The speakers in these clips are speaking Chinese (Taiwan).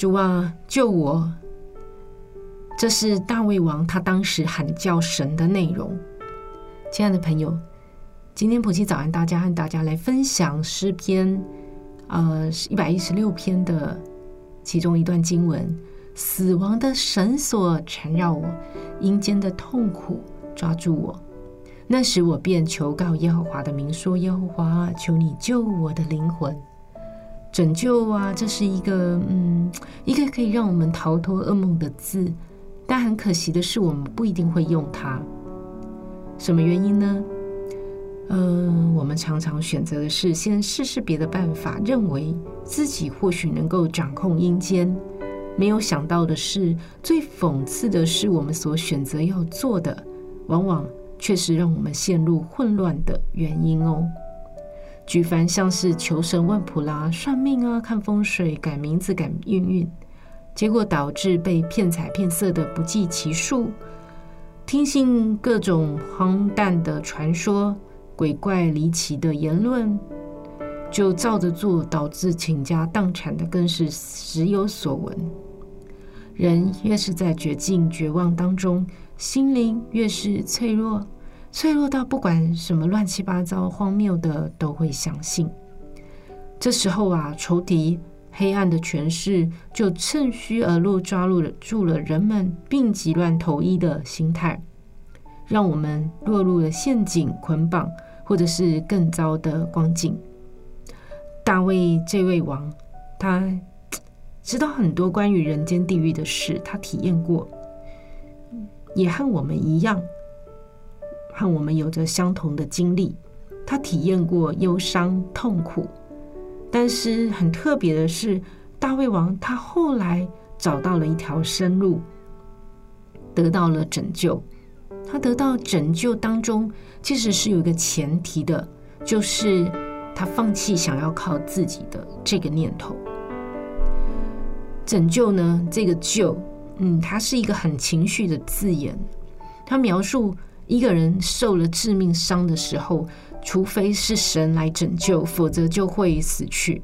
主啊，救我！這是大衛王他當時喊叫神的內容。親愛的朋友，今天埔基早安，大家和大家來分享詩篇，呃，一百一十六篇的其中一段經文：死亡的繩索纏繞我，陰間的痛苦抓住我。那時我便求告耶和華的名說：“耶和華，求你救我的靈魂。”拯救啊，這是一個嗯，一個可以讓我們逃脫噩夢的字，但很可惜的是，我們不一定會用它。什麼原因呢？嗯，我們常常選擇的是先試試別的辦法，認為自己或許能夠掌控陰間。沒有想到的是，最諷刺的是，我們所選擇要做的，往往卻是讓我們陷入混亂的原因哦。舉凡像是求神問卜啦、算命啊、看風水、改名字、改命運，運，結果導致被騙財騙色的不計其數；聽信各種荒誕的傳說、鬼怪離奇的言論，就照着做，導致傾家蕩產的更是時有所聞。人越是在絕境絕望當中，心靈越是脆弱。脆弱到不管什麼亂七八糟、荒謬的都會相信。這時候啊，仇敵、黑暗的權勢就趁虛而入，抓住了住了人們病急亂投醫的心態，讓我們落入了陷阱、捆綁，或者是更糟的光景。大衛這位王，他知道很多關於人間地獄的事，他體驗過，也和我們一樣。和我們有着相同的經歷，他體驗過憂傷、痛苦，但是很特別的是，大衛王他後來找到了一條生路，得到了拯救。他得到拯救當中，其實是有一個前提的，就是他放棄想要靠自己的這個念頭。拯救呢，這個救，嗯，它是一個很情緒的字眼，它描述。一個人受了致命傷的時候，除非是神來拯救，否則就會死去。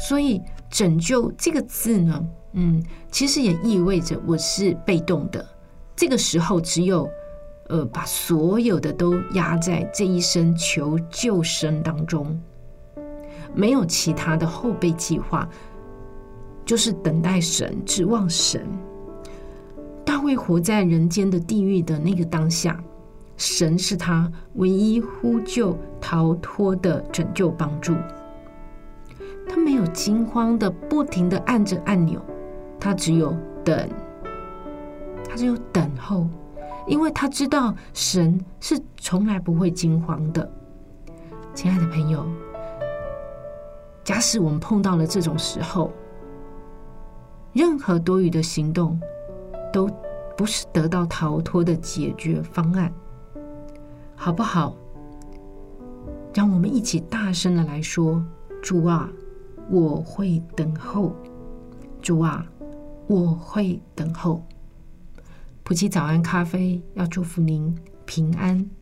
所以“拯救”這個字呢，嗯，其實也意味着我是被動的。這個時候，只有呃，把所有的都壓在這一聲求救聲當中，沒有其他的後備計劃，就是等待神，指望神。大衛活在人間的地獄的那個當下。神是他唯一呼救、逃脫的拯救幫助。他沒有驚慌的不停的按着按鈕，他只有等，他只有等候，因為他知道神是從來不會驚慌的。親愛的朋友，假使我們碰到了這種時候，任何多餘的行動，都不是得到逃脫的解決方案。好不好？讓我們一起大聲的來說：“主啊，我會等候。”主啊，我會等候。埔基早安咖啡要祝福您平安。